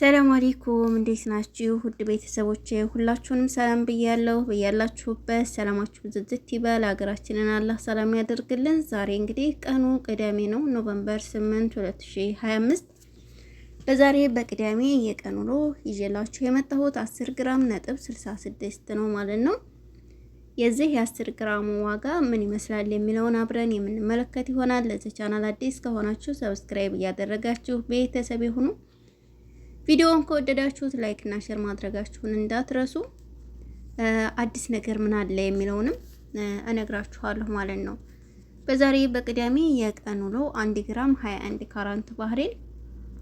ሰላም አለይኩም እንዴት ናችሁ? ውድ ቤተሰቦቼ ሁላችሁንም ሰላም ብያለሁ። በያላችሁበት ሰላማችሁ ዝዝት ይበል። ሀገራችንን አላህ ሰላም ያደርግልን። ዛሬ እንግዲህ ቀኑ ቅዳሜ ነው፣ ኖቨምበር 8 2025 በዛሬ በቅዳሜ የቀን ውሎ ይዤላችሁ የመጣሁት 10 ግራም ነጥብ 66 ነው ማለት ነው። የዚህ የ10 ግራሙ ዋጋ ምን ይመስላል የሚለውን አብረን የምንመለከት ይሆናል። ለዚህ ቻናል አዲስ ከሆናችሁ ሰብስክራይብ እያደረጋችሁ ቤተሰብ የሆኑ ቪዲዮውን ከወደዳችሁት ላይክ እና ሼር ማድረጋችሁን እንዳትረሱ። አዲስ ነገር ምን አለ የሚለውንም እነግራችኋለሁ ማለት ነው። በዛሬ በቅዳሜ የቀን ውሎ 1 ግራም 21 ካራንት ባህሬን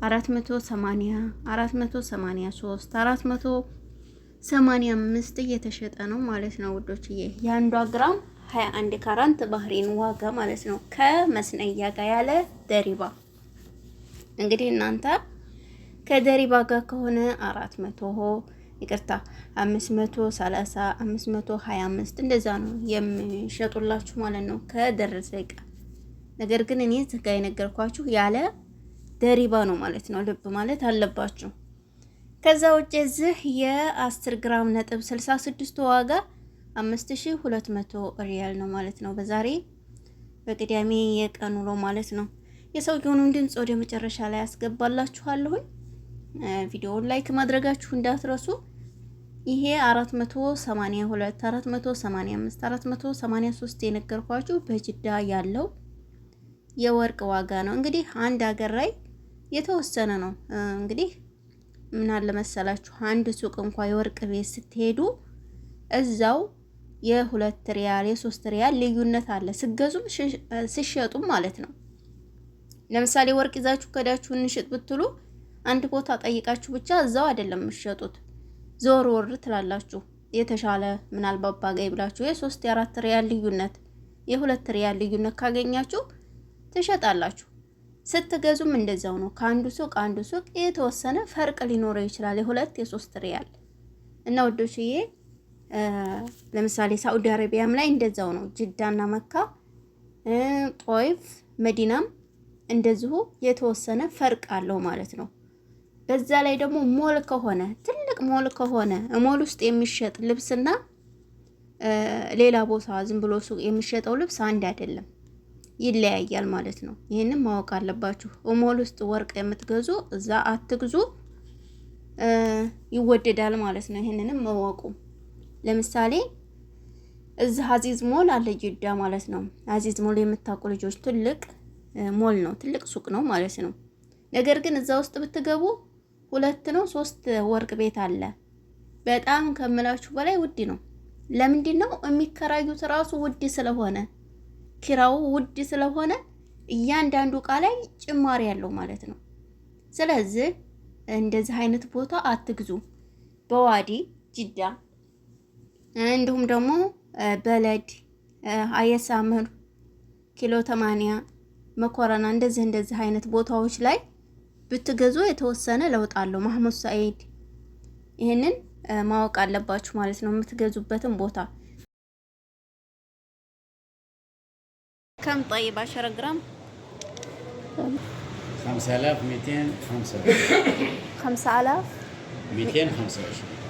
480 483 485 እየተሸጠ ነው ማለት ነው ውዶችዬ። የአንዷ ግራም 21 ካራንት ባህሬን ዋጋ ማለት ነው ከመስነያ ጋር ያለ ደሪባ እንግዲህ እናንተ ከደሪባ ጋር ከሆነ አራት መቶ ይቅርታ አምስት መቶ ሰላሳ አምስት መቶ ሀያ አምስት እንደዛ ነው የሚሸጡላችሁ ማለት ነው ከደረሰ እቃ። ነገር ግን እኔ እዚህ ጋ የነገርኳችሁ ያለ ደሪባ ነው ማለት ነው። ልብ ማለት አለባችሁ። ከዛ ውጭ እዚህ የ10 ግራም ነጥብ 66 ዋጋ 5200 ሪያል ነው ማለት ነው። በዛሬ በቅዳሜ የቀን ውሎ ማለት ነው። የሰውየውን ድምፅ ወደ መጨረሻ ላይ ያስገባላችኋለሁኝ። ቪዲዮውን ላይክ ማድረጋችሁ እንዳትረሱ። ይሄ 482 485 483 የነገርኳችሁ በጅዳ ያለው የወርቅ ዋጋ ነው። እንግዲህ አንድ ሀገር ላይ የተወሰነ ነው። እንግዲህ ምን አለ መሰላችሁ አንድ ሱቅ እንኳ የወርቅ ቤት ስትሄዱ እዛው የሁለት ሪያል የሶስት ሪያል ልዩነት አለ፣ ስገዙም ስሸጡም ማለት ነው። ለምሳሌ ወርቅ ይዛችሁ ከዳችሁ እንሽጥ ብትሉ አንድ ቦታ ጠይቃችሁ ብቻ እዛው አይደለም የምትሸጡት። ዞር ወር ትላላችሁ። የተሻለ ምናልባት ባገኝ ብላችሁ የሶስት የአራት ሪያል ልዩነት የሁለት ሪያል ልዩነት ካገኛችሁ ትሸጣላችሁ። ስትገዙም እንደዛው ነው። ከአንዱ ሱቅ አንዱ ሱቅ የተወሰነ ፈርቅ ሊኖረው ይችላል፣ የሁለት የሶስት ሪያል እና ወዶችዬ ለምሳሌ ሳዑዲ አረቢያም ላይ እንደዛው ነው። ጅዳና መካ፣ ጦይፍ፣ መዲናም እንደዚሁ የተወሰነ ፈርቅ አለው ማለት ነው። በዛ ላይ ደግሞ ሞል ከሆነ ትልቅ ሞል ከሆነ ሞል ውስጥ የሚሸጥ ልብስና ሌላ ቦታ ዝም ብሎ ሱቅ የሚሸጠው ልብስ አንድ አይደለም፣ ይለያያል ማለት ነው። ይህንም ማወቅ አለባችሁ። ሞል ውስጥ ወርቅ የምትገዙ እዛ አትግዙ፣ ይወደዳል ማለት ነው። ይህንንም እወቁ። ለምሳሌ እዚህ አዚዝ ሞል አለ ጅዳ ማለት ነው። አዚዝ ሞል የምታውቁ ልጆች ትልቅ ሞል ነው፣ ትልቅ ሱቅ ነው ማለት ነው። ነገር ግን እዛ ውስጥ ብትገቡ ሁለት ነው ሶስት ወርቅ ቤት አለ። በጣም ከምላችሁ በላይ ውድ ነው። ለምንድን ነው የሚከራዩት? ራሱ ውድ ስለሆነ ኪራው ውድ ስለሆነ እያንዳንዱ እቃ ላይ ጭማሪ ያለው ማለት ነው። ስለዚህ እንደዚህ አይነት ቦታ አትግዙ። በዋዲ ጅዳ፣ እንዲሁም ደግሞ በለድ አየሳምር፣ ኪሎ ተማንያ፣ መኮረና እንደዚህ እንደዚህ አይነት ቦታዎች ላይ ብትገዙ የተወሰነ ለውጥ አለው። ማህሙድ ሰኢድ ይህንን ማወቅ አለባችሁ ማለት ነው። የምትገዙበትን ቦታ ከም ጠይብ አሸረ ግራም خمسة آلاف